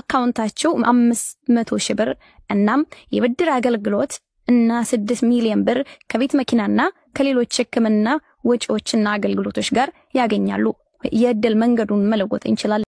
አካውንታቸው አምስት መቶ ሺህ ብር እናም የብድር አገልግሎት እና ስድስት ሚሊዮን ብር ከቤት መኪናና ከሌሎች ሕክምና ወጪዎችና አገልግሎቶች ጋር ያገኛሉ። የእድል መንገዱን መለወጥ እንችላለን።